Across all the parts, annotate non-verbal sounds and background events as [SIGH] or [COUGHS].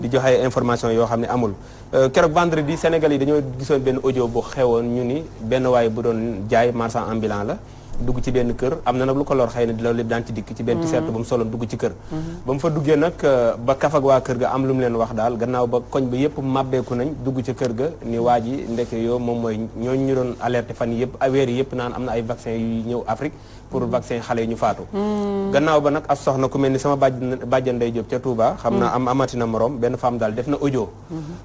di joxe ay information yoo xam ne amul euh, keroog vendredi Sénégal yi dañoo gisoon benn audio bu xewoon ñu ni benn waaye bu doon jaay marchand ambulant la dugg ci benn kër am na nag lu ko lor xay na di loolu lépp daan ci dikk ci benn mm-hmm. t-shirt ba mu soloon dugg ci kër mm-hmm. ba mu fa duggee nag euh, ba kaf waa kër ga am lu mu leen wax daal gannaaw ba koñ ba yëpp màbbeeku nañ dugg ci ga ni waa ji ndeke yoo moom mooy ñooñu ñu doon alerté fan yëpp weer yëpp naan am na ay vaccin yu ñëw Afrique pour mm-hmm. vaccin xale yi ñu faatu gannaaw ba nag as soxna ku mel ni sama bàj bàjjan day Jóob ca Touba xam na am amatina morom benn femme daal def na audio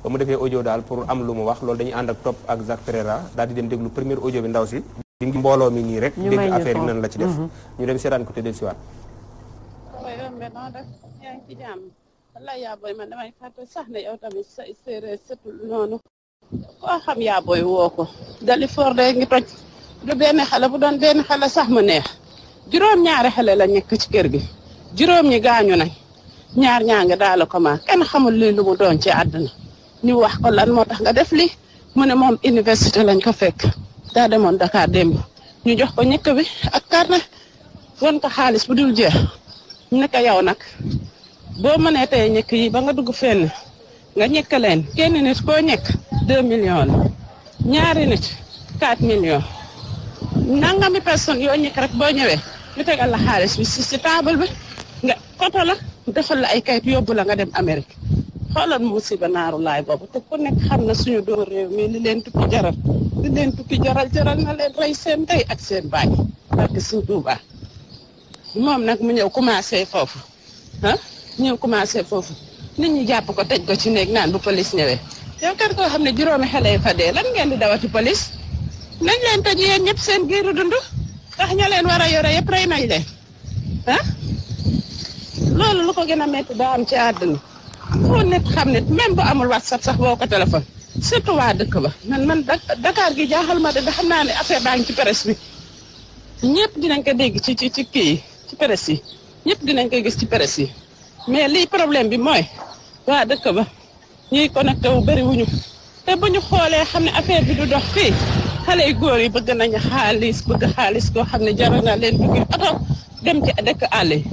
ba mu defee audio daal pour am lu mu wax loolu dañu ànd ak topp ak Jacques Pereira daal di dem déglu premier ojo bi ndaw si di ngi mbooloo mi nii rek dégg affaire yi nan la ci def mhm. ñu dem seetaan ko te del siwaat wallaay yaa booy man damay fàtte sax ne yow tamit sa séeréer setul noonu koo xam yaa booy woo ko dali foor de ngi toj du benn xale bu doon benn xale sax mu neex juróom-ñaari xale la nekk ci kër gi juróom ñi gaañu nañ ñaar ñaa nga daal ko ma kenn xamul lii lu mu doon ci àdduna ñu wax ko lan moo tax nga def li mu ne moom université lañ ko fekk daa demoon Dakar démb ñu jox ko ñëkk bi ak carnet wan ko xaalis bu dul jeex ñu ne ko yow nag boo mënee tey ñëkk yi ba nga dugg fenn nga ñëkk leen kenn nit koo ñëkk deux millions ñaari nit quatre millions nangami personne yoo ñëkk rek boo ñëwee ñu tegal la xaalis bi si si table bi nga koto la defal la ay kayit yóbbu la nga dem Amérique xoolal musiba naaru laay boobu te ku nekk xam na suñu doomu réew mi leen tukki jaral li leen tukki jaral jaral na leen rey seen ndey ak seen baay barke suñu Tuubaa moom nag mu ñëw commencé foofu ah ñëw commencé foofu nit ñi jàpp ko tëj ko ci néeg naan bu police ñëwee yow kan koo xam ne juróomi xale yi fa dee lan ngeen di dawati police nañ leen tëj yéen ñëpp seen giiru dund tax ña leen war a yore yëpp rey nañ leen ah loolu lu ko gën a métti daa am ci àdduna loolu lépp xam ne même bu amul whatsapp sax boo ko téléphone surtout waa dëkk ba man man dakaar gi jaaxal ma de da xam naa ne affaire baa ngi ci presse bi ñëpp dinañ ko dégg ci ci ci kii ci presse yi dinañ ko gis ci presse yi mais lii problème bi mooy waa dëkk ba ñuy connecté wu bëri wuñu te bu ñu xoolee xam ne affaire bi du dox fii xale yu góor yi bëgg nañu xaalis bëgg xaalis koo xam ne jaral na leen dugg oto dem ci dëkk àll yi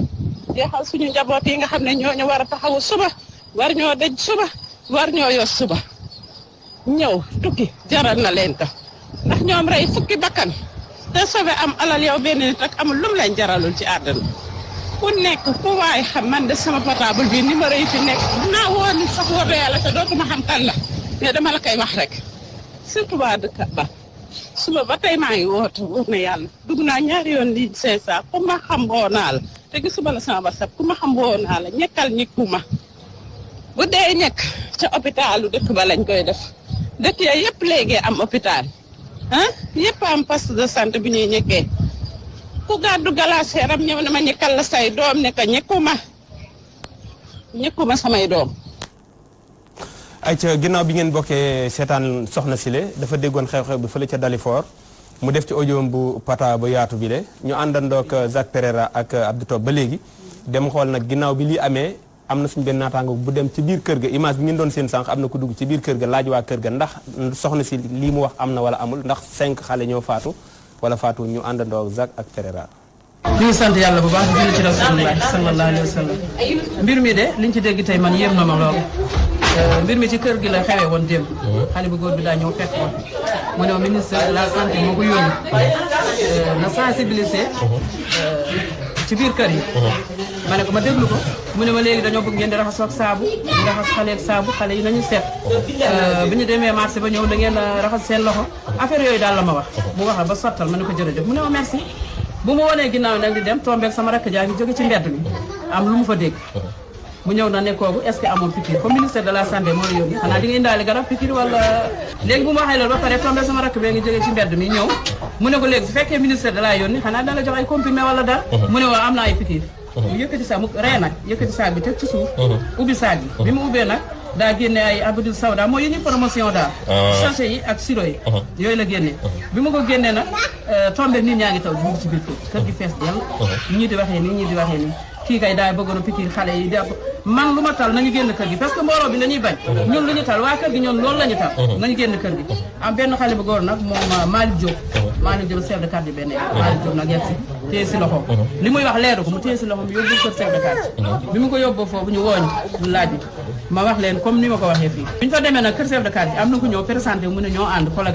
jeexal suñu njaboot yi nga xam ne ñooñu war a taxawu suba. warñoo de daj suba war ñoo suba ñëw tukki jaral na leen ko ndax ñoom rey fukki bakkan te sobe am alal yow benn nit rek amul lum leen jaralul ci àdduna ku nekk ku waay xam man de sama portable bi numéro yi nekk dinaa woo sax wóor la yàlla te dootuma xam kan la mais dama la koy wax rek surtout waa dëkk ba suba ba tey maa ngi woote wóor na yàlla dugg naa ñaar yoon lii c'est ça ku ma xam woo naa la te gisuma la sama whatsapp ku ma xam woo naa la ñekkal ñekkuma bu dee ñekk ca hôpitalu dëkk ba lañ koy def dëkk ya yëpp léegi am hôpital ah yëpp am poste de santé bu ñuy ñekkee ku gàddu galaas yaram ñëw ne ma ñekkal la say doom ne ko ñekkuma ñekkuma samay doom. ayca ginnaaw bi ngeen bokkee seetaan soxna Sile dafa déggoon xew-xew bi fële ca Dalifort mu def ci audio bu pata bu yaatu bi le ñu àndandoog Jacques Pereira ak Abdou ba léegi dem xool nag ginnaaw bi lii amee. am na suñ benn naataango bu dem ci biir kër ga image bi doon seen sànq am na ku dugg ci biir kër ga laaj waa kër ga ndax soxna si lii mu wax am na wala amul ndax cinq xale ñoo faatu wala faatu ñu àndandoo ak ak Terera. ñu ngi sant yàlla bu baax julli ci rasulullah sallallahu mbir mi de liñ ci dégg tey man yéem na ma lool euh, mbir mi ci kër gi la xewee woon xale bu góor bi daa ñëw mu ne ministre la santé moo ko yónni. Euh, na sensibiliser. Uh-huh. Euh, ci biir kër yi ma ne ko ma déglu ko mu ne ma léegi dañoo bëgg ngeen di raxasoo ak saabu di raxas xale ak saabu xale yi nañu seet euh, bu ñu demee marché ba ñëw da ngeen raxas seen loxo affaire yooyu daal la ma wax mu wax ba sottal ma ne ko jërëjëf mu ne ma merci bu mu wonee ginnaaw nag di dem tombeeg sama rakk jaa ngi jóge ci mbedd mi am lu mu fa dégg mu ñëw na ne kooku est-ce que amoon piqûre comme ministère de la santé moo la yóbbu xanaa di nga indaale garab piqûre wala léegi bu ma waxee loolu ba pare tombé sama rakk bee ngi jógee ci mbedd mi ñëw mu ne ko léegi su fekkee ministère da laa yónni xanaa dala jox ay comprimé wala dara uh-huh. mu ne waaw am na ay piqûre uh-huh. yëkkati saag ree nag yëkkati saag bi ci suuf uh-huh. ubbi saag bi mu ubbee nag daa génne ay abdou sawda mooy yi ñu promotion daal ah. sachet yi euh, ñaa ngi taw dugg ci biir kër gi fees dell kii kay daay bëggoon a pikiir xale yi def man lu ma tal nañu génn kër gi parce que mbooloo bi dañuy bañ ñun lu ñu tal waa kër gi ñun loolu la tal mhm. nañu génn kër gi am euh, mhm. mhm. li muy wax leeru ko mu téye si loxo mu ko yóbbu foofu ñu wooñ ñu laaj wax leen comme ni ma ko waxee fii bi ñu demee nag kër chef de quartier na ku ñëw présenté mu ne ñoo ànd la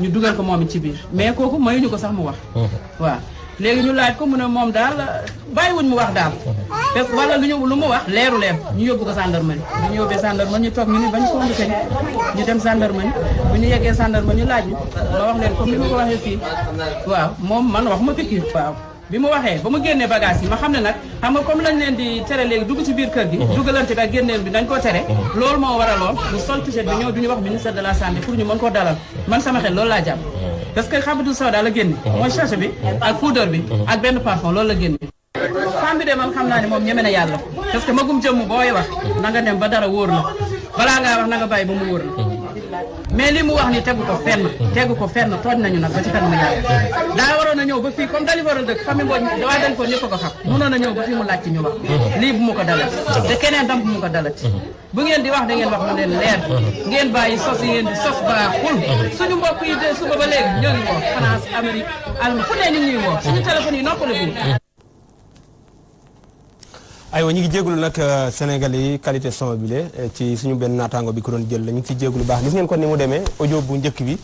ñu dugal ko moom i ci biir mais kooku mayuñu ko sax mu wax waaw léegi ñu laaj ko mu ne moom daal bàyyiwuñ mu wax daal fekk wala lu ñu lu mu wax leeru leer ñu yóbbu ko gendarmerie ñu yóbbee gendarmerie ñu toog ñu ni bañ conduite ñu dem gendarmerie bu ñu yeggee gendarmerie ñu laaj ñu ma wax leen comme ni ma ko waxee fii waaw moom man waxuma piqûre waaw bi mu waxee ba mu génnee bagage yi ma xam ne nag xam nga comme lañ leen di tere léegi dugg ci biir kër gi uh-huh. dugalante ak génneel bi dañ koo tere uh-huh. loolu moo waraloon bu sol t-shirt bi ñëw duñu wax ministère la santé pour ñu mën koo dalal man sama xel loolu laa parce que xamatu sawda la génn uh-huh. mooy sachet bi uh-huh. ak poudre bi uh-huh. ak benn parfum loolu la génn femme bi de man xam naa ne moom ñeme na yàlla parce que magum jëmm booy wax na nga dem ba dara wóor la balaa ngaa wax na nga bàyyi ba mu wóor la mais li mu wax ni tegu ko fenn tegu ko fenn tooñ nañu nag ba ci kanamu yàlla daa ba fii comme dali waroon dëkk famille Mbodj waa dañ ba fii mu laaj ñu wax lii bu mu dalat te keneen tam bu mu dalat bu ngeen di wax da ngeen wax mu leen sos yi ngeen di sos baaxul suñu mbokk yi de suba ba léegi ñoo ngi France Amérique Allemagne fu ne nit ñuy woo suñu téléphone yi noppalu aywa ñu ngi jégalu nag euh, Sénégal yi qualité son bi le euh, ci suñu benn naataango bi ku doon jël la ñu ngi ciy jégalu baax gis ngeen kon ni mu demee audio bu njëkk bi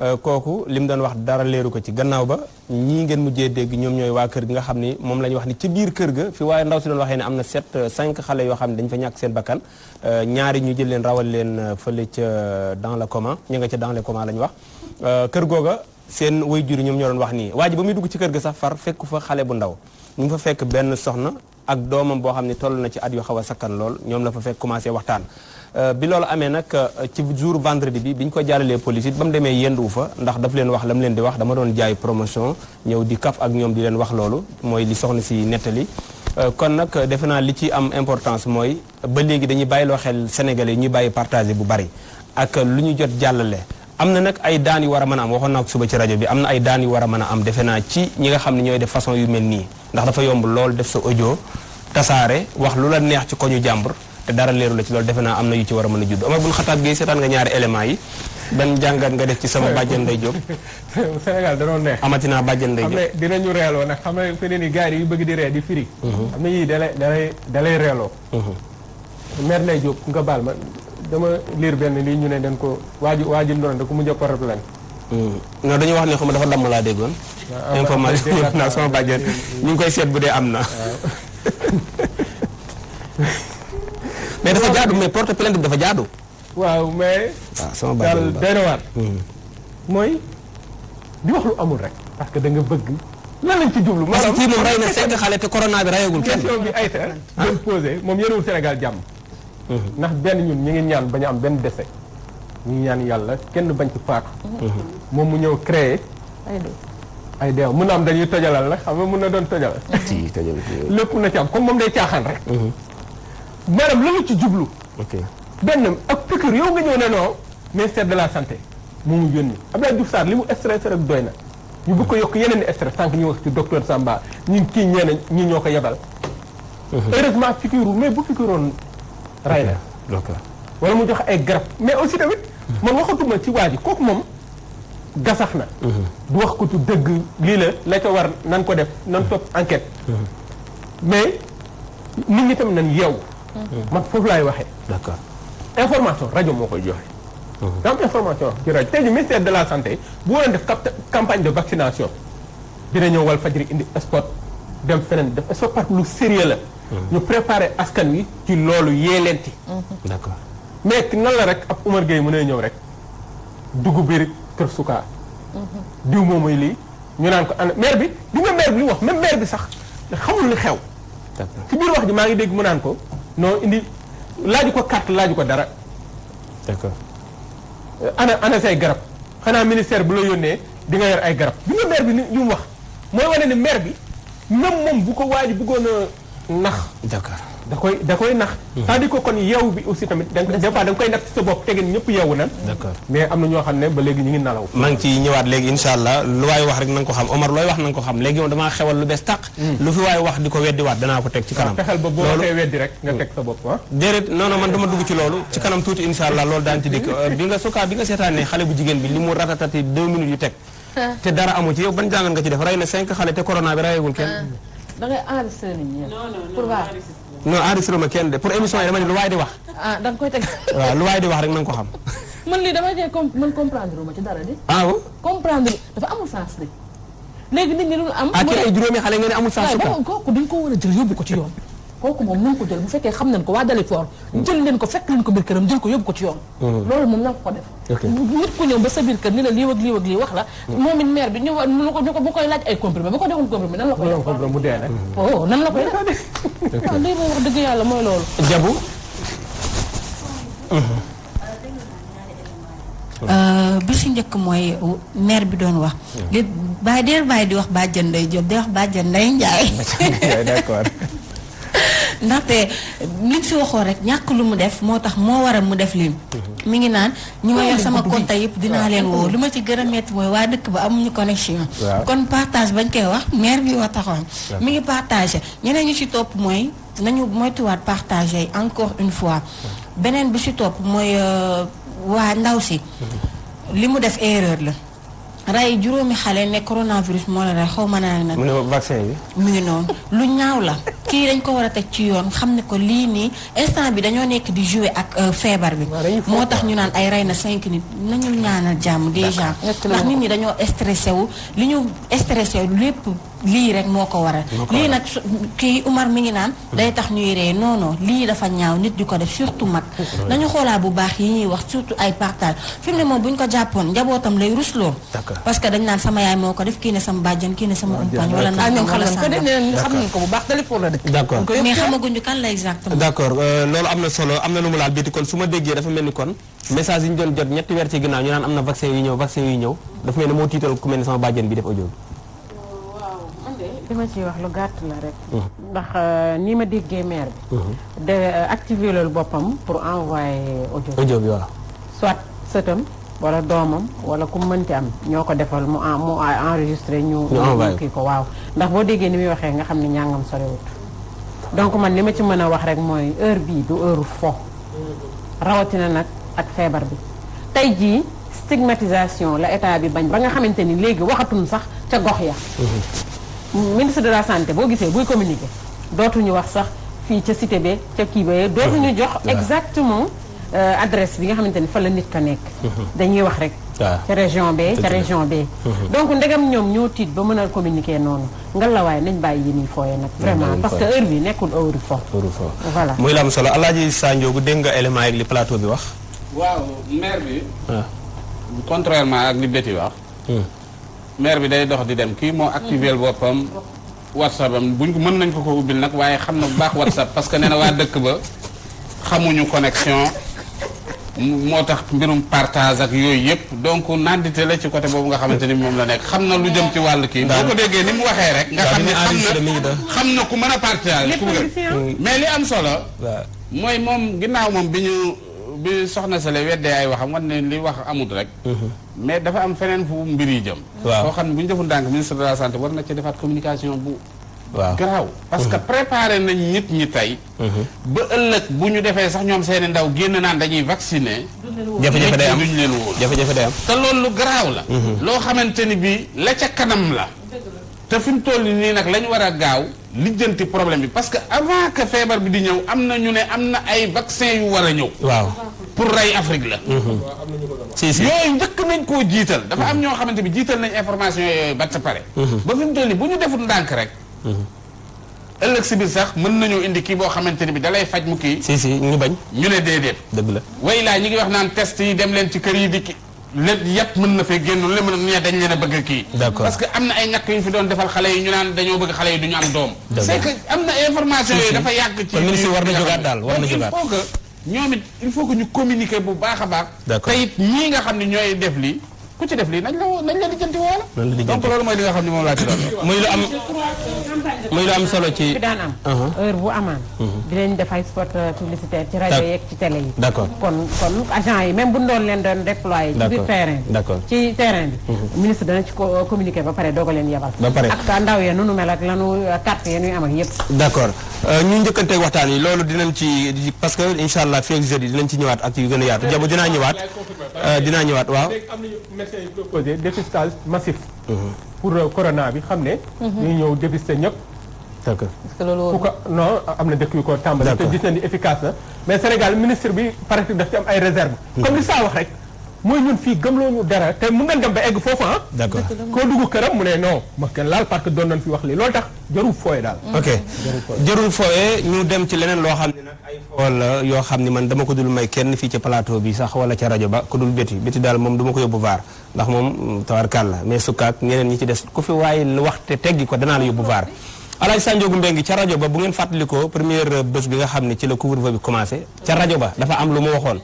euh, kooku li mu doon wax dara leeru ko ci gannaaw ba ñii ngeen mujjee dégg ñoom ñooy waa kër gi nga xam ni moom la ñu wax ni ci biir kër ga fi waaye ndaw si doon waxee ne am na sept cinq xale yoo xam ne dañ fa ñàkk seen bakkan ñaari ñu jël leen rawal leen fële ca dans le coma ñu nga ca dans le la ñu wax kër googa seen way juri ñoom ñoo doon wax nii waa ji ba muy dugg ci kër ga sax far fekku fa xale bu ndaw ñu ngi fa fekk benn soxna ak doomam boo xam ne toll na ci at yu xaw a sakkan lool ñoom la fa fekk commencé waxtaan euh, bi loolu amee nag euh, ci jour vendredi bi bi ñu ko jaaralee police ba mu demee yendu fa ndax daf leen wax la mu leen di wax dama doon jaay promotion ñëw di kaf ak ñoom di leen wax loolu mooy li soxna si nettali euh, kon nag defe naa li ci am importance mooy ba léegi dañuy bàyyiloo xel Sénégalais yi ñuy bàyyi partagé bu bari ak lu ñu jot jàllale am na nag ay daan yu war a mën a am waxoon naa suba ci rajo bi am na ay daan yu war a mën a am defe naa ci ñi nga xam ne ñooy def façon yu mel nii ndax dafa yomb lool def sa audio tasaare wax lu la neex ci koñu jàmbur te dara leeru la ci loolu defe naa am na yu ci war a mën a judd Omar bun Xataab Gueye seetaan sama bàjjen Ndeye Diop [LAUGHS] Sénégal da doon neex amati naa bàjjen Ndeye Diop xam ne dinañu reeloo nag xam ne fi ne ni yi yu bëgg di ree di firi mhm. am na yii dalay dalay dalay reeloo mhm. mère Ndeye Diop nga baal dama liir benn lii ñu ne dañ ko waaju waaju noonu da ko mujj a porte plainte. Hmm. non dañu wax ne xam dafa damm laa déggoon. Ah, information yëpp ah, [LAUGHS] naa sama ah, ñu ngi koy seet bu dee am na. [LAUGHS] mais dafa jaadu mais porte plainte bi dafa jaadu. waaw mais. waaw sama bàjjen hmm. mooy di wax lu amul rek. parce que da nga bëgg. la lañ ci jublu maanaam parce que moom rey na cinq xale te corona bi rayagul kenn. moom yéenewul Sénégal jàmm. ndax benn ñun ñu ngi ñaan bañ a am benn décès ñu ngi ñaan yàlla kenn bañ ci faatu moom mu ñëw créer ay deew mun na am dañuy tojalal la xam nga mun na doon tojal [LAUGHS] lépp na ci am comme moom day caaxaan rek mhm. maanaam la mu ci jublu benn ak piqûre yow nga ñëw ne non ministère de la santé moomu yónni Abdoulaye Diouf Sarr li mu stressé rek doy na ñu bëgg ko yokk yeneen i stress sànq ñu wax ci docteur Samba ñun kii ñeneen ñu ñoo ko yebal mhm. heureusement piqûre mais bu piqûroon ray la wala mu jox ay garab mais aussi tamit hmm. man waxatuma ci waa ji kooku moom gasax na hmm. du wax ko tu dëgg lii la la ca war nan ko def nan hmm. topp enquête mais nit ñi tam nan yeewu man foofu laay waxee d'accord information rajo moo koy joxe daam information ci rajo tey ji ministère de la santé boo waroon def campagne de vaccination dina ñëw wal fajri indi spot dem feneen def spot parce lu sérieux la ñu préparer askan wi ci loolu yeeleenti. Mhm. d'accord mais nan la rek ab Umar Gueye mënee ñëw rek dugub biir Kër Souka. Mhm. diw moom mooy lii ñu naan ko ana maire bi di nga maire bi li wax même maire bi sax xamul li xew. ci biir wax ji maa ngi dégg mu naan ko noo indi laaj ko carte laaju ko dara. d'accord euh, ana ana say garab xanaa ministère bu la yónnee di nga yor ay garab bi nga bi ni mu wax mooy wane ne maire bi même moom bu ko waaj bëggoon a nax d'accord da koy da koy nax hmm. cest kon yeew bi aussi tamit koy nax ci sa bopp tegin ñëpp yeewu nan d'accord mais am na ñoo xam ne ba léegi ñu ngi nalaw maa ngi ci ñëwaat léegi insha allah lu waay wax rek na ko xam Omar looy wax na ko xam léegi moom damaa xewal lu bees tàq hmm. lu fi waay wax di ko weddiwaat danaa ko teg ci kanam ah, fexeel ba boo koy weddi rek nga teg sa bopp ah hmm. déedéet man dama dugg ci loolu ci kanam tuuti insha allah loolu daan ci dikk euh, bi nga sukaa bi nga seetaanee xale bu jigéen bi ah. nga ci def rey na cinq xale te corona bi rayewul dangay ngay enregistré nit ñi. non non pour waa. non enregistré ma kenn de pour émission yi dama ne lu waay di wax. ah koy teg. waaw lu waay di wax rek na nga ko xam. man lii dama cee com man comprendre ma ci dara de. ah oui comprendre dafa amul sens de. léegi nit ñi lu am. Ah, mu ne ah kii ay juróomi xale ngeen amul sens. waaw kooku dañ ko war a jël yóbbu ko ci yoon. kooku moom nañ ko jël bu fekkee xam nañ ko waa Dalifort jël leen ko fekk leen ko biir këram jël ko yóbbu ko ci yoon mm-hmm. loolu moom nañ ko ko def nit ku ñëw ba sa biir kër ni la lii ak lii ak lii wax la mm-hmm. moom it bi ñu ñu ko bu koy laaj ay comprimé ko deful comprimé nan la koy o mm-hmm. oh, nan la koy def waaw [LAUGHS] ah, lii dëgg yàlla mooy loolu jabu euh, bi si njëkk mooy maire bi doon wax. li bàyyi deel di wax bàjjan Ndeye Diop di wax bàjjan Ndeye Ndiaye. [LAUGHS] d'accord. [LAUGHS] ndaxte liñ si waxoo rek ñàkk lu mu def moo tax moo waral mu def lim. Mhm. mi ngi naan ñi ma yor sama compte yëpp dinaa leen woo lu ma ci gën a métti mooy waa dëkk ba amuñu connexion. kon partage bañ koy wax maire bi wa taxoon. mi ngi partagé ñeneen ñu si topp mooy nañu moytuwaat partagé encore une fois. beneen bi si topp mooy euh, waa ndaw si. Mhm. li mu def erreur la. ray juróomi xale ne coronavirus moo la rey xaw ma naa nag. mu ne vaccin bi. mu noonu lu ñaaw la kii dañ ko war a teg ci yoon xam ne ko lii nii instant bi dañoo nekk di jouer ak euh, feebar bi. moo tax ñu naan ay rey na cinq nit nañu ñaanal jàmm déjà. ndax nit ñi dañoo stressé wu li ñu stressé wu lépp. lii rek moo ko waral lii nag kii Umar mi ngi naan mm. day tax ñuy ree non non lii dafa ñaaw nit di ko def surtout mag nañu xoolaa bu baax yi ñuy wax surtout ay partage fi mu ne moom bu ñu ko jàppoon njabootam lay rusloo parce que dañ naan sama yaay moo ko def kii ne sama bàjjan kii ne sama umpañ wala na ñoom ah, xam nañ ko euh, na solo am na nu mu laal biiti kon su ma déggee dafa mel ni kon ñëw vaccin yu ñëw dafa bi def audio bi li ma ci wax lu gàtt la rek. Mhm. ndax euh, ni ma déggee maire bi. Mhm. de euh, activer loolu boppam pour envoyer audio. audio bi waaw. soit sëtam wala doomam wala ku mënti am ñoo ko defal mu en mu enregistré ñu. ñu kii ko waaw. ndax boo déggee ni muy waxee nga xam ne ñàngam sorewut donc man li ma ci mën a wax rek mooy heure bii du heure fo. rawatina nag ak feebar bi tey jii stigmatisation la état bi bañ ba nga xamante ni léegi waxatum sax ca gox ya. Mhm. ministre de la santé boo gisee buy communiquer dootuñu wax sax fii ca cité be ca kii ba dootuñu mhm. jox exactement euh, adresse bi nga xamante ni fa la nit ka nekk mhm. dañuy wax rek ca région be ca région be mhm. donc ndegam ñoom ñoo tiit ba mën a communiquer noonu ngallaawaay nañ bàyyi yi ñuy fooyee nag vraiment parce que heure bi nekkul heure fo voilà muy la am solo Alaaji Sa Ndiogou dégg nga élément yeeg li plateau bi wax waaw maire bi contrairement maire bi day dox di dem kii moo activé boppam whatsapp am buñ ko mën nañ ko ko ubbil nag waaye xam na bu baax whatsapp parce que nee na waa dëkk ba xamuñu connexion moo tax mbirum partage ak yooyu yëpp donc nandite la ci côté boobu nga xamante ni moom la nekk xam na lu jëm ci wàll kii boo ko déggee ni mu waxee rek nga xam ne xam na ku mën a partage mais li am solo mooy moom ginnaaw moom bi ñu bi soxna Sele weddee ay waxam wan ne li wax amut rek. Mhm. mais dafa am feneen fu mbir yi jëm. waaw soo xam ne bu ñu defoon ndànk ministre de la santé war na ci defaat communication bu. waaw garaaw parce que mhm. préparé nañ nit ñi tey. Mhm. ba ëllëg bu ñu defee sax ñoom seeni ndaw génn naan dañuy vacciné. jafe-jafe day am duñ leen wóor jafe-jafe am. te loolu lu garaaw la. loo xamante ni bii la ca kanam la. te fi mu toll nii nag lañ war a gaaw. lijjanti problème bi parce que avant que feebar bi di ñëw am na ñu ne am na ay vaccin yu war a ñëw. waaw. pour rey Afrique la. si si yooyu njëkk nañ koo jiital. dafa am ñoo xamante bi jiital nañ information yooyu ba te pare. Mhm. ba fi mu bu ñu deful ndànk rek. Mhm. ëllëg si biir sax mën nañoo indi kii boo xamante ni bi dalay faj mu kii. si si ñu bañ. ñu ne déedéet. dëgg la way laa ñu ngi wax naan test yi dem leen ci kër yi di kii. lépp yëpp mën na fee génn lu mën a dañ leen a bëgg kii. parce que am na ay ñàkk yu fi doon defal xale yi ñu naan dañoo bëgg xale yi du ñu am doom. c'est que am na information na ñoom it il faut que ñu communiquer bu baax a baax. d'accord te it ñii nga xam ne ñooy def lii ku ci def lii nañ la woo nañ la lijjanti woo la. loolu mooy li xam ne moom laa ci doon. muy lu am muy lu solo ci. daan am uh-huh. heure bu amaan. Uh-huh. dinañ def ay spot euh, publicitaire ci rajo yeeg ci télé yi. d'accord kon kon agent yi même bu ñu leen doon déployer. ci biir terrain bi d'accord ci terrain bi. Uh-huh. ministre dana ci communiquer ba pare doog a leen yebal. ba pare ak ndaw ya nu mel ak lanu euh, carte ya nuy am ak yëpp. Euh, ñu njëkkante waxtaan yi loolu dinañ ci parce que incha allah fii ak jeudi dinañ ci ñëwaat ak yu gën a yaatu jabo dinaa ñëwaat euh, dinaa ñëwaat waaw am nañu médecin yu dépistage massif mhm. pour euh, corona bi xam ne mhm. ñu ñëw dépister ñëpp d'accord ko non am na dëkk yu ko tàmbali te gis nañ ni efficace na mais Sénégal ministre bi paraît daf ci am ay réserve mhm. comme li saa wax rek mooy ñun fii gëmloo ñu dara te mu ngeen dem ba egg foofu ah. koo dugg këram mu ne non ma kenn parce que doon nañ fi wax lii loolu tax jarul fooye daal. Mm. ok jarul fooye ñu dem ci leneen loo xam ne nag la yoo xam ne man dama ko dul may kenn fii ci palaato bi sax wala ca rajo ba ku dul béti béti daal moom duma ko yóbbu vaar ndax moom mm, tawarkaal la mais sukkaak ñeneen ñi ci des ku fi waaye lu wax te teggi ko danaa la yóbbu vaar. Alaaj Sanjoogu Mbengue ca rajo ba bu ngeen fàttalikoo première bës bi nga xam ne ci la couvre-feu bi commencé ca rajo ba dafa am lu mu waxoon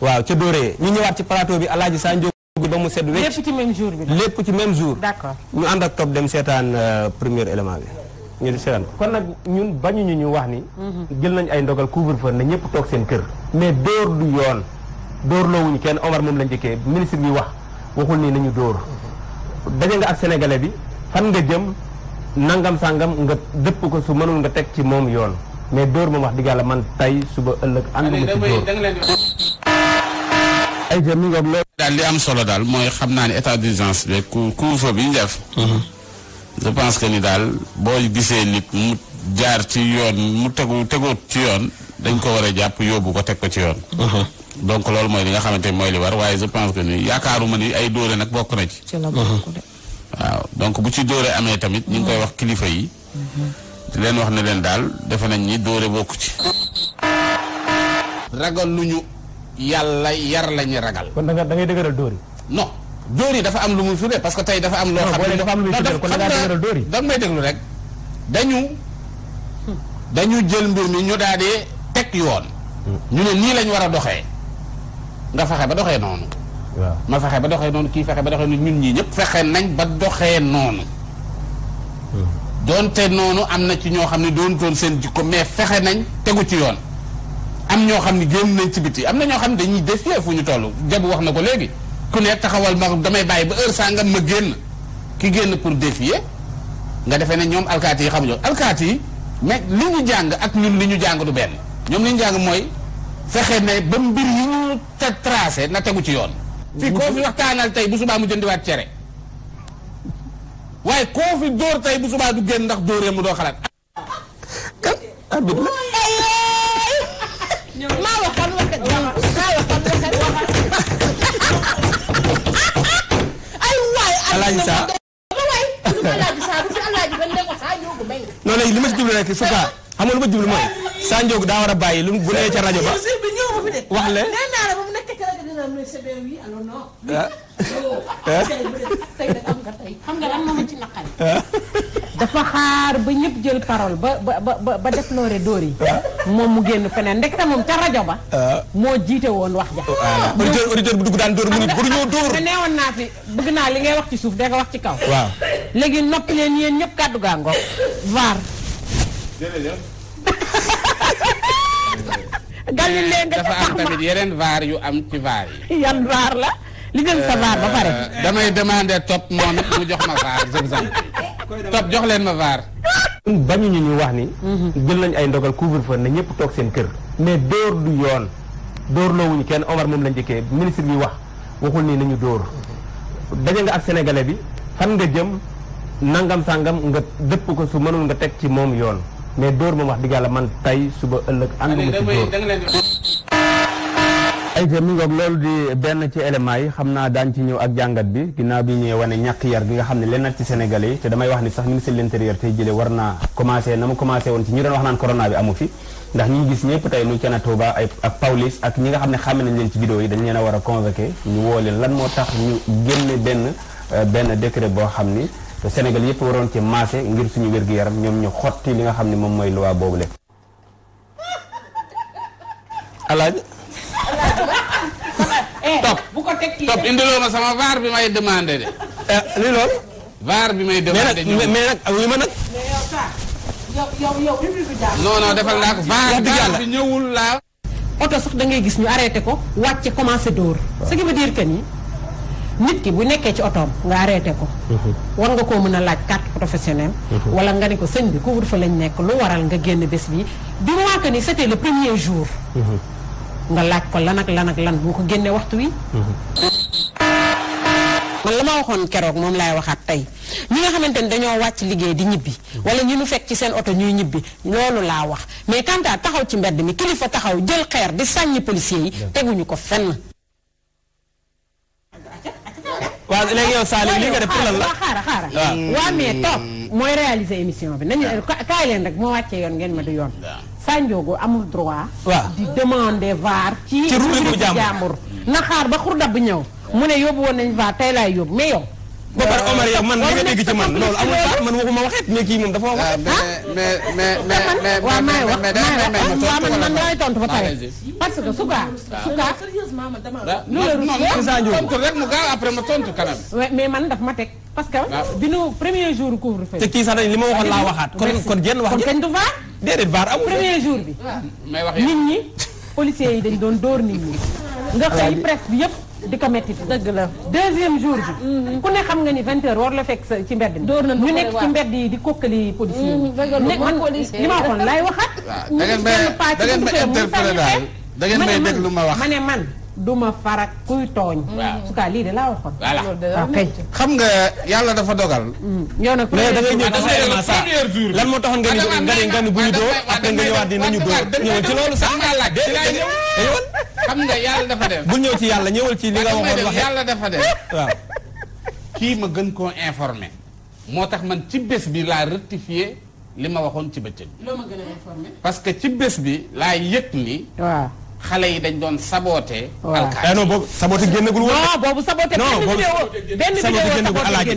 waaw ca Dóoree ñu ñëwaat ci plateau bi Alaaji Sa Ndiogou ba mu sedd wecc lépp ci même jour bi lépp ci même jour d'accord ñu ànd ak topp dem seetaan euh, premier élément bi ñu di seetaan kon nag ñun bañuñu ñu wax ni mhm. jël nañ ay ndogal couvre-feu na ñëpp toog seen kër mais dóor lu yoon dóor loowuñu kenn Omar moom lañ njëkkee ministre bi wax waxul nii nañu dóor daje nga ak sénégalais bi fan nga jëm nangam sangam nga dëpp ko su mënul nga teg ci moom yoon mais dóor moom wax dëgg man tey suba ëllëg ànduma ay mi ngoog loolu daal li am solo daal mooy xam naa ne état d'urgence bi couvre-feu bi ñu def mhm. je pense que ni daal booy gisee nit mu jaar ci yoon mu tegu tegoot ci yoon dañ ko war a jàpp yóbbu ko teg ko ci yoon mhm. donc loolu mooy li nga xamante mooy li war waaye je pense que ni yaakaaruma ni ay dóore nag bokk na ci mhm. waaw donc bu ci dóore amee tamit ñu ngi koy wax kilifa yi leen wax ne leen daal defe nañ ni dóore bokku ci ragal lu ñu yàlla yar la ñuy ragal. kon da da ngay dëgëral dóor yi. no dóor yi dafa am lu muy firnde parce que tey dafa am. loo xam ne dafa am lu muy firnde kon da ngaa dëgëral dóor yi. da may déglu rek dañu dañu jël mbir mi ñu daal di teg yoon. ñu ne nii lañ war a doxee nga fexe ba doxee noonu. waaw ma fexe ba doxee noonu kii fexe ba doxee noonu ñun ñii ñëpp fexe nañ ba doxee noonu. Hmm. doonte noonu am na ci ñoo xam ne doon doon seen jikko mais fexe nañ tegu ci yoon. am ñoo xam ne génn nañ ci biti am na ñoo xam ne dañuy défier fu ñu toll jabu wax na ko léegi ku ne taxawal ma damay bàyyi ba heure sangam ma génn ki génn pour défier nga defee na ñoom alkaati yi xamuñu alkaati yi mais li ñu jàng ak ñun li ñu jàng du benn ñoom li ñu jàng mooy fexe ne ba mbir yi ñu te tracé na tegu ci yoon fii koo fi waxtaanal tey bu subaa mu jëndiwaat cere waaye koo fi dóor tey bu subaa du génn ndax dóoree mu doo xalaat alaaji saa. non léegi li ma si lu ma jublu mooy Sa Ndiogou daa war a lu mu bu rajo ba wax le mais sévère oui alors non. am dafa xaar ba ñëpp jël parole ba ba ba ba déplorer dóor yi. Eh? moom mu génn feneen ndekete moom ca rajo ba. Eh? moo jiite woon wax ja. Oh, ah, ah. auditeur auditeur bu dugg daan dóor mu ni bu ñoo dóor. te neewoon naa fi bëgg naa li ngay wax ci suuf da nga wax ci kaw. waaw léegi noppi leen yéen ñëpp kàddu gaa ngoog. vaar. [LAUGHS] Galilée eh, nga dafa am tamit yeneen vaar yu am ci vaar yi. [LAUGHS] yan vaar la. li gën sa vaar ba eh, pare. damay demander top moom mu jox ma vaar exemple jox leen ma vaar. bañu ñu ñu wax ni. Mhm. jël nañ ay ndogal couvre-feu na ñëpp toog seen kër. mais dóor du yoon dóor loowuñu kenn Omar moom la njëkkee ministre bi wax waxul ni nañu dóor daje nga ak sénégalais bi fan nga jëm nangam sangam nga dëpp ko su mënul nga teg ci moom yoon. mais dóor moom wax dëgg yàlla man tey suba ëllëg ànd ma ci dóor ayca mi ngoog loolu di benn ci élément yi xam naa daan ci ñëw ak jàngat bi ginnaaw bi ñëwee wane ñàkk yar bi nga xam ne lenn ci sénégalais yi te damay wax ni sax ministre de l'intérieur tey jëlee war naa commencé na mu commencé woon ci ñu doon wax naan corona bi amu fi ndax ñi ñu gis ñëpp tey muy Cana Touba ak Paulis ak ñi nga xam ne xàmme nañ leen ci vidéo yi dañ leen a war a convoqué ñu woo lan moo tax ñu génne benn euh, benn décret boo xam ni te Sénégal yëpp waroon ci maase ngir suñu wér-gu-yaram ñoom ñu xotti li nga xam ne moom mooy loi boobule. alaaj top top indiloo ma sama vaar bi may demandé de. Eh, li lool. vaar bi may demandé mais nag mais nag wuyu ma nag. non non defal naa ko vaar vaar bi ñëwul laa. oto sax da ngay gis ñu arrêté ko wàcce commencé dóor. ce qui veut dire que ni. nit ki bu nekkee ci oto nga arrêté ko. Mhm. war nga koo mën a laaj carte professionnelle. Mhm. wala nga ne ko sëñ bi couvre-feu lañ nekk lu waral nga génn bés bi bi mu wàkk ni setee le premier jour. Mhm. nga laaj ko lan ak lan ak lan boo ko génnee waxtu wi. man la ma waxoon keroog moom laay waxaat tey ñi nga xamante ni dañoo wàcc liggéey di ñibbi wala ñu nu fekk ci seen oto ñuy ñibbi loolu laa wax mais quant à taxaw ci mbedd mi kilifa taxaw jël xeer di sàññi policiers yi teguñu ko fenn. waaw léegi yow Salick li nga def pour lan la xaaral xaaral waaw mais toog mooy réaliser émission bi nañu kaay leen rek moo wàccee yoon ngeen ma du yoon Sanjogo amul droit di demander VAR ci rubrique bu jàmbur na xaar ba xur dab ñëw mu ne yóbbu woon nañ VAR tey laay yóbbu mais yow ba pare Omar yow man li nga dégg ci man loolu amul sax man waxuma waxet mais kii moom dafa wax. ah mais mais mais mais waaw may wax may man man lay tontu ba ma man daf ma teg parce que. bi nu premier jour couvre-feu. te kii sax dañ li ma waxoon laa waxaat. kon kon wax kon nit ñi policiers yi dañ doon dóor nit ñi. nga xëy presse bi yëpp. di ko métti dëgg la deuxième jour bi ku ne xam nga ni vingt heures war la fekk sa ci mbedd mi ñu nekk ci mbedd yi di kokkali policier yi man li ma waxoon laay waxaat da ngeen may da ngeen may interpellé da ngeen may dégg lu ma wax ma ne man duma farak kuy tooñ su kaa lii de laa waxoon waaw kay xam nga yàlla dafa dogal da ngay ñëw jour lan moo taxoon nga ni nga ni bu ñu dóor après nga ñëwaat ni nañu dóor ñëwal ci loolu sax xam nga yàlla dafa def. bu ñëw ci yàlla ñëwal ci li nga waxoon waxee yàlla dafa def. waaw kii ma gën koo informé. moo tax man ci bés bi laa rectifié li ma waxoon ci bëccëg. loo parce que ci bés bi laa yëg ni. waaw. xale yi dañ doon sabooté. waaw alkaati eh non boobu sabooté génnagul woon. non boobu sabooté benn vidéo. benn vidéo sabooté génnagul alaaji.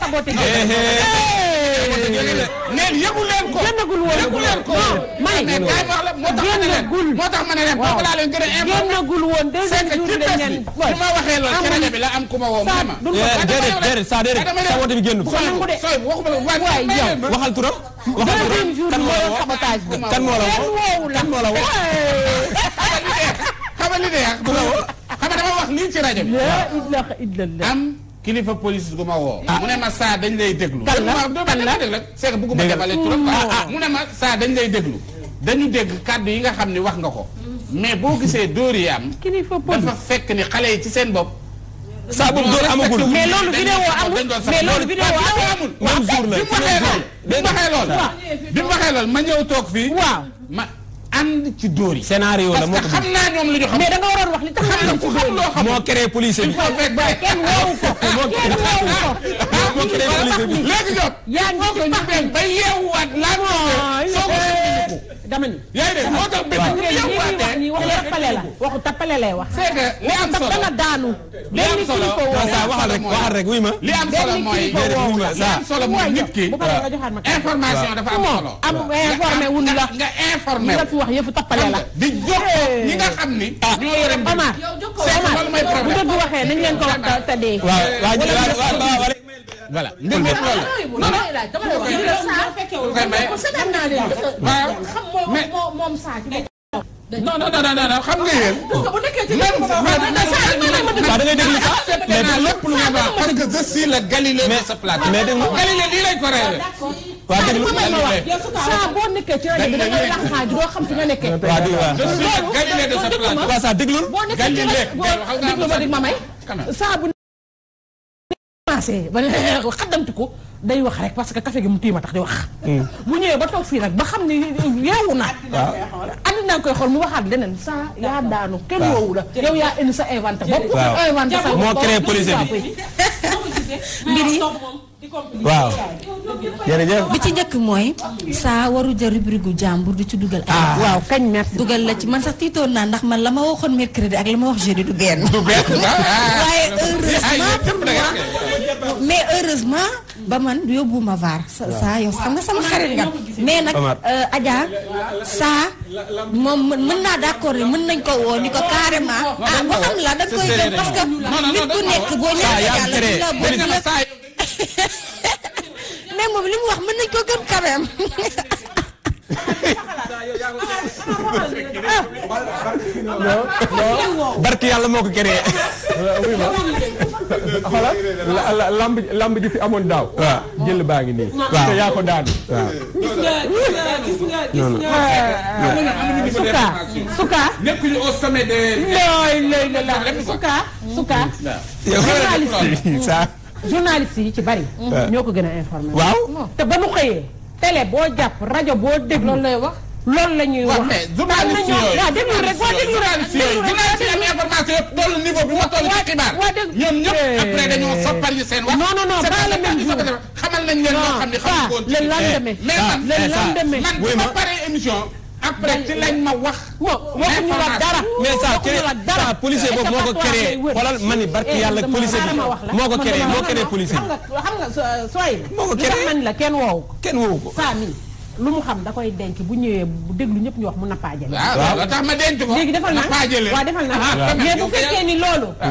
sabooté génnagul neen yëgu leen ko génnagul woon yëgu leen ko may mais kay wax la moo tax ma ne leen moo tax ma ne leen donc laa leen gën a informé génnagul woon deuxième jour bi dañ leen bu ma waxee loolu ci rajo bi la am ku ma woo ma ma déedéet déedéet saa déedéet sa wote bi génn waxal turam waxal turam kan moo la woo sabotage bi kan moo la woo kan moo la woo xamal li neex xamal dama wax nii ci rajo bi am kilifa police gu ma woo. Ah. mu ne ma saa dañ lay déglu. kan la kan la dégg bugguma defale trop ah, ah. mu ne ma saa dañ lay déglu. dañu dégg kàddu yi nga xam ni wax nga ko. mais boo gisee dóor yi am. kilifa police dafa fekk ni xale yi ci seen bopp. saa boobu dóor amagul mais loolu vidéo amul mais loolu vidéo la bi mu waxee loolu bi mu waxee loolu ma ñëw toog fii. waaw ànd ci dóor yi. scénario la moo ko xam naa ñoom lu ñu xam. mais da nga wax li tax xam ko xam moo créé police bi. kenn woowu ko kenn woowu ko. moo créé police bi léegi ñoom. yaa ngi ko ko dama ni. yaa ngi moo tax benn bi yow waatee nii waxu tappale la waxu tappale lay wax. c'est que li am solo danga daanu. li am solo saa waxal rek waxal rek wuy ma. li am solo mooy li am solo mooy nit ki. bu paree nga joxaat ma information dafa am solo. am informé wun la nga informé nga fi wax yëfu tappale la. di jox ñi nga xam ni. ñoo ah. yore mbir. Omar Omar bu dëgg waxee nañ leen ko wax te dee. waaw voilà mbir mi loolu la. non non non non xam nga yéen. bu nekkee ci lépp lu ma wax parce que je suis le Galilée de ce plateau. mais dégg nga Galilée lii lañ ko réeré. waaw dégg nga saa boo nekkee ci rajo bi da ngay laqaaj doo xam fi nga nekkee. waaw dégg nga je suis le Galilée de ce plateau. waaw saa déglu Galilée. déglu ma dégg ma may. saa bu commencé ba [LAUGHS] xaddamti ko day wax rek parce que café gi mu tiima tax di wax hmm. bu ñëwee ba toog fii nag ba xam ne yeewu naa addinaa koy xool mu waxaat leneen sa yaa daanu kenn woowu la yow yaa indi sa inventé bopp inventé sa moo créé police bi [LAUGHS] mbir yi waaw jërëjëf bi ci njëkk mooy saa waru jël rubrique gu jàmbur di ci dugal ay ah. waaw kañ merci dugal la ci man sax tiitoon naa ndax man la ma waxoon mercredi ak la ma wax jeudi du benn du benn [LAUGHS] waaye heureusement pour mais heureusement ba man yóbbuwuma vaar. sa saa yow xam nga sama xarit nga mais nag euh, Adja saa moom mën naa d'accord ne mën nañ ko woo ni ko carrément. ah waxam la da koy jël parce que nit ku nekk boo ñëwee yàlla du la boo [LAUGHS] mais moom li mu wax mën nañ ko gëm quand [LAUGHS] barki yàlla moo ko lamb ji fi amoon daaw. waaw jël baa ngi nii. waaw te suka suka. nekkuñu au sommet la la suka suka. journaliste yi ci bari. ñoo ko gën a informé. waaw te ba télé boo jàpp rajo boo dégg. loolu lay wax loolu la ñuy wax. waaw mais journaliste yooyu waaw déglu rek waaw déglu rek information yëpp toll niveau bi ma toll ci xibaar. waaw dégg ñoom ñëpp eh. après dañoo soppali seen wax. non non non pas le même jour xamal nañ leen loo xam ne xamuñu ko woon. le lendemain eh, eh, mais man man bu ma paree émission. après ci lañ ma wax. waxuñu la dara mais ça ça policier boobu moo ko créé xoolal ma ni barki eh, yàlla policier bi moo ko créé moo créé policier bi. xam nga xam nga sooy. moo ko créé man la kenn woowu ko. kenn woowu ko saa mi lu mu xam da koy denc bu ñëwee bu déglu ñëpp ñu wax mu nappaajale. waaw waaw tax ma denc ko. léegi defal naa waaw defal naa ah, mais bu fekkee ni loolu. Ah.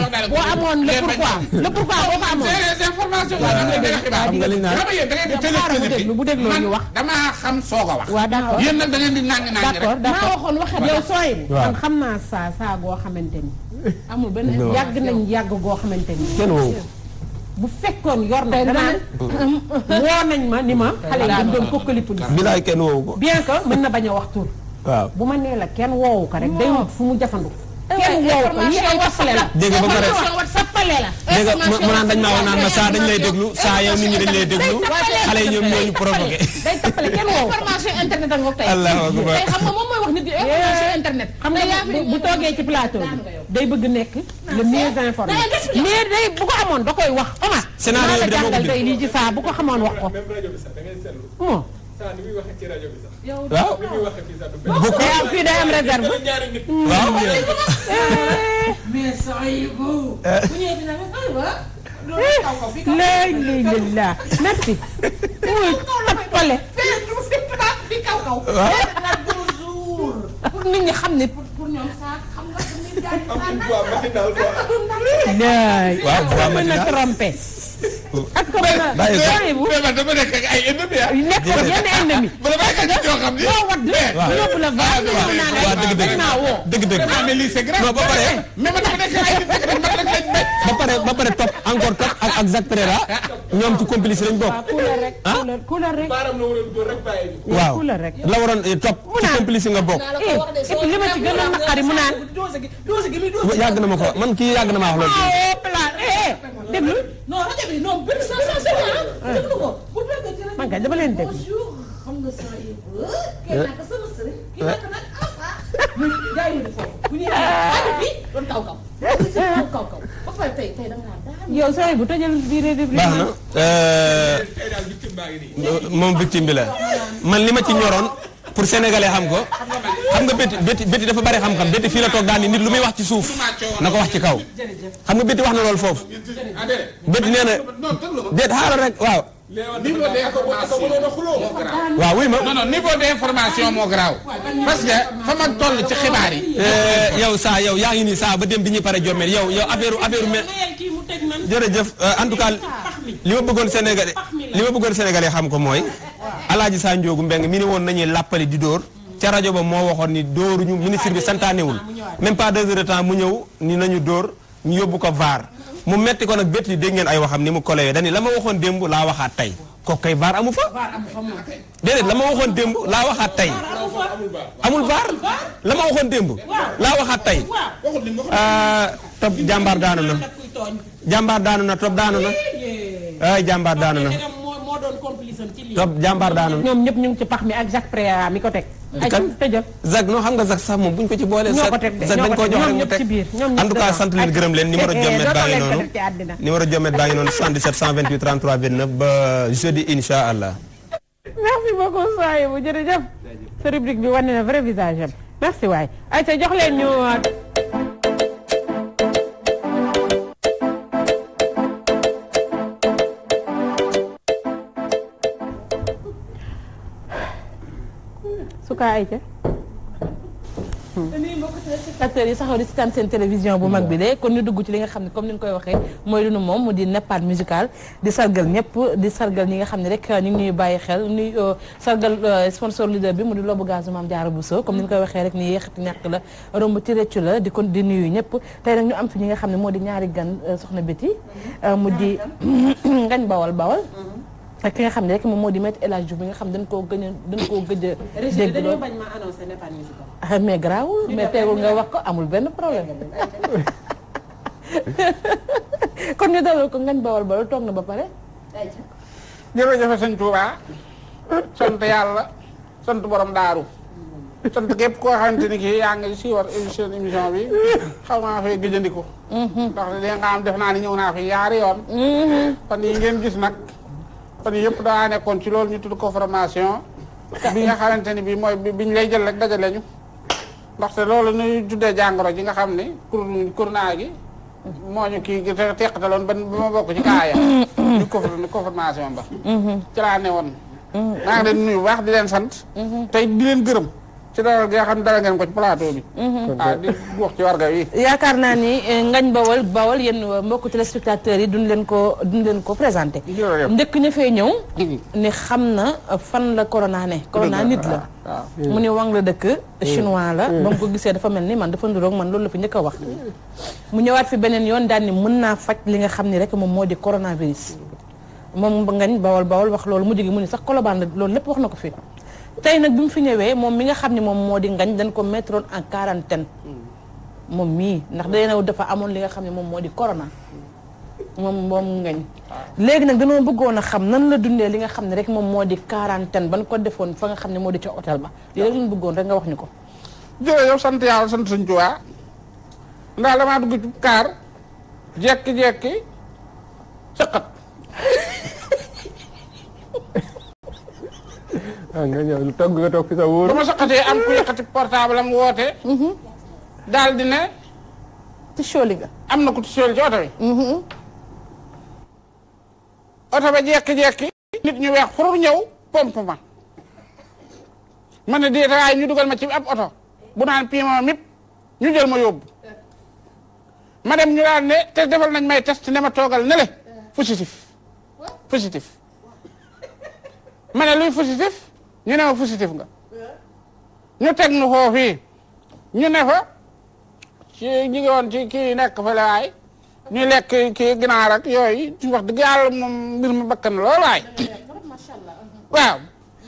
boo amoon la pourquoi le pourquoi boo ko amoon. xam nga li ñu bu dégloo ñu wax. damaa xam a wax. waaw d'accord yéen da di nang nang rek. maa waxoon waxat yow sooy. man xam naa saa saa goo xamante ni. amul benn yàgg nañ yàgg goo xamante ni. kenn woo bu fekkoon yor na danaan mmh, mmh. woo nañ ma ni ma xale yi dañ doon kokkaliku ni kenn woowu ko bien que mën na bañ a wax tur waaw bu ma nee la kenn woowu ko rek day wut fu mu jafandu Eh, kenn woowu ko lii ay tappale la. dégg nga ba pare mu naan dañ maa wax naan ma saa dañ lay déglu saa yow nit ñi dañ lay déglu. xale yi ñoom ñoo ñu provoqué. day tappale kenn woowu ko information nga moom mooy wax nit di information internet. xam nga bu toogee ci plateau bi day bëgg nekk le mieux informé. mais day bu ko amoon da koy wax. Omar scénario bi dama ko bind maa la jàngal tey lii ci saa bu ko xamoon wax ko. waaw bu ko am fii day am réserve. waaw. mais Sohaibou. bu ñëwee dina ko aywa. loolu kaw kaw la merci. pour pour nit ñi xam ne pour pour ñoom sax xam nga. am na voix matinale quoi. waaw voix matinale mën na tromper. ak ko ma vraiment dama nekk ak ay ennemis ah. nekk ak yenn ennemis. [LAUGHS] bala maa ngi ñoo xam ni. waaw waaw yóbbu la ah, baax. waaw dëgg dëgg waaw dëgg dëgg. vraiment mais lii c'est grave. non ba pare. mais man dafa nekk ay nit rek man rek ba pare ba pare top encore top ak ak Zac Pereira ñoom ci complice lañ bokk. ah couleur rek waaw la waroon eh, top ci complice nga bokk. eh li ma ci gën a naqari mu naan. yàgg na ma ko man kii yàgg na ma wax loolu. Ah, eh, eh, déglu. non rajo bi non benn sensation la ah. déglu ko. man kay dama leen déglu. Ah, bu ñuy kaw kaw [LAUGHS] yow saa bu tëjal biir baax na moom victime bi la man li ma ci ñoroon pour sénégalais xam ko xam nga bétti bétti bétti dafa bari xam-xam bétti fii la toog daal ni nit lu muy wax ci suuf na ko wax ci kaw xam nga bétti wax na lool foofu bétti nee na déet xaaral rek waaw. niveau d' information waaw wuy ma non non niveau d' information moo garaaw parce que fa ma toll ci xibaar yi. Euh, yow saa yow yaa ngi nii saa ba dem bi ñu pare jommel yow yow affaire affaire me jërëjëf euh, en tout cas li ma bëggoon Sénégalais li ma bëggoon Sénégalais xam ko mooy Alaaji Sa Ndiogou Mbeng mi ne woon nañuy làppali di dóor ca rajo ba moo waxoon ni dóoruñu ministre bi santaanewul même pas deux heures de temps mu ñëw ni nañu dóor ñu yóbbu ko vaar mu metti ko nag bét yi dégg ngeen ay waxam ni mu kolewee dani la ma waxoon démb laa waxaat tey kooku kay baar amu fa déedéet la laa waxaat tey amul baar la ma waxoon démb laa waxaat tey euh, topp jàmbaar daanu na jàmbaar daanu na topp daanu na ay jàmbaar daanu na topp jàmbaar daanu ñoom ñëpp ñu ngi ci pax mi ak Jacques mi ko teg kan Zag noo xam nga Zag sax moom buñ ko ci boolee. ñoo ko teg de ñoo ko teg ñoom ñëpp ci biir ñoom ñëpp ci biir en tout cas sant leen numéro Jommet baa ngi noonu numéro Jommet baa ngi noonu 77 128 33 29 ba jeudi incha allah. cas ayca. nuyu mbokk téléspectateurs yi saxaw di seetaan seen télévision bu mag bi de kon ñu dugg ci li nga xam ne comme ni ñu koy waxee mooy lu nu moom mu di nappaat musical di sargal ñëpp di sargal ñi nga xam ne rek euh, ñu ngi ñuy bàyyi xel ñuy euh, sargal euh, sponsor leader bi mu di lobu gaz maam Jaara Bousso comme ni nga koy waxee rek ni yéexati ñàkk la romb ci réccu la di kon di nuyu ñëpp tey nag ñu am fi ñi nga xam ne moo di ñaari gan soxna Betty mm-hmm. mu di [COUGHS] ngañ bawal bawal mm-hmm. ak ki nga xam ne rek moom moo di mettre El Hadj koo gëj a dañ koo gëj a. dégg ah, ko amul benn problème. [LAUGHS] kon ñu dalal ko ngañ bawal bawal toog na ba pare. jërëjëf sëñ Touba. sant yàlla. sant borom daaru. sant képp koo xamante ni kii yaa ngi siiwar émission émission bi xaw maa fee gëjëndiku. Mm-hmm. ndax de nga am def naa ni ñëw naa fi yaari yoon. kon mm-hmm. yi ngeen gis nag. fan yëpp daa nekkoon ci loolu ñu tudd ko formation bi nga xamante ni bii mooy biñ lay jël rek dajale ñu ndaxte loolu ñu tuddee jàngoro ji nga xam ni kur kurna gi moo ñu kii teqataloon ba ba ma bokk ci kaaya ñu ko confirmation ba mhm. ci laa ne woon mhm. maa ngi leen nuyu bu di leen sant mhm. tey di leen gërëm ci dara nga xam dara ngeen ko ci plateau bi. Mhm. ah di wax ci yaakaar naa ni eh, ngañ bawal bawal yéen euh, mbokku téléspectateurs yi duñ leen ko duñ leen ko présenté. ndëkk ñu fee ñëw. ne xam na fan la corona ne. corona nit la ah, ah. mu ne wan la dëkk. Mm. chinois la mm. ba ko gisee dafa mel ni man dafa nduroog man loolu la fi njëkk a wax. mu ñëwaat fi beneen yoon daal ni mën naa faj li nga xam ni rek moom moo di coronavirus. moom ngañ bawal bawal wax loolu mu jógee mu ni sax kolobaan loolu lépp wax na ko fii. tey nag bi mu fi ñëwee moom mi nga xam ne moom moo di ngañ dañ ko mettre en quarantaine mm. moom mii ndax dañu dafa amoon li nga xam ne moom moo di corona moom moom ngañ ah. nag dañoo bëggoon a xam nan la dundee li nga xam ne rek moom moo di quarantaine ban ko defoon fa nga xam ne moo di ca hôtel ba li rek buggoon bëggoon rek nga wax ñu ko jërëjëf sant yàlla sant suñ tuwaa ndax damaa dugg ci kaar jekki-jekki sëqat [LAUGHS] ah nga ñëw toog nga toog fi sa wóor. am ku yëkkati portable am woote. Mm-hmm. daal di ne. tisóoli nga. am na ku tisóoli ci oto bi. Mm-hmm. oto ba jekki-jekki. nit ñu weex pour ñëw pompe ma. ma ne ñu dugal ma ci ab oto. bu naan pii ma mip ñu jël ma yóbbu. ma dem ñu daal ne te defal nañ may test ne ma toogal ne le positif positif ma ne luy positif. ñu ne ma positif nga ñu teg nu foofii ñu ne fa ci ñu ngi woon ci kii nekk fa la waay ñu lekk kii ginaar ak yooyu ci wax dëgg yàlla moom mbir mi bakkan lool waay waaw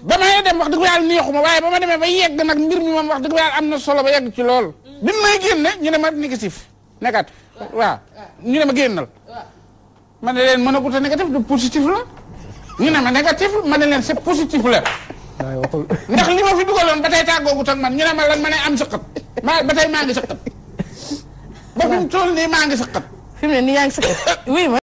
ba may dem wax dëgg yàlla neexuma waaye ba ma demee ba yegg nag mbir mi moom wax dëgg yàlla am na solo ba yegg ci lool bi may génne ñu ne ma négatif négatif waaw ñu ne ma génnal ma ne leen mën a guta négatif du positif la ñu ne ma négatif ma ne leen c'est positif la [LAUGHS] ndax li ma fi dugaloon ba tay tàggoogut ak man ñu ne ma lan ma ne am sëqat ma ba tay maa ngi sëqat ba fi mu toll nii maa ngi sëqat fi mu ne nii yaa ngi sëqat [LAUGHS]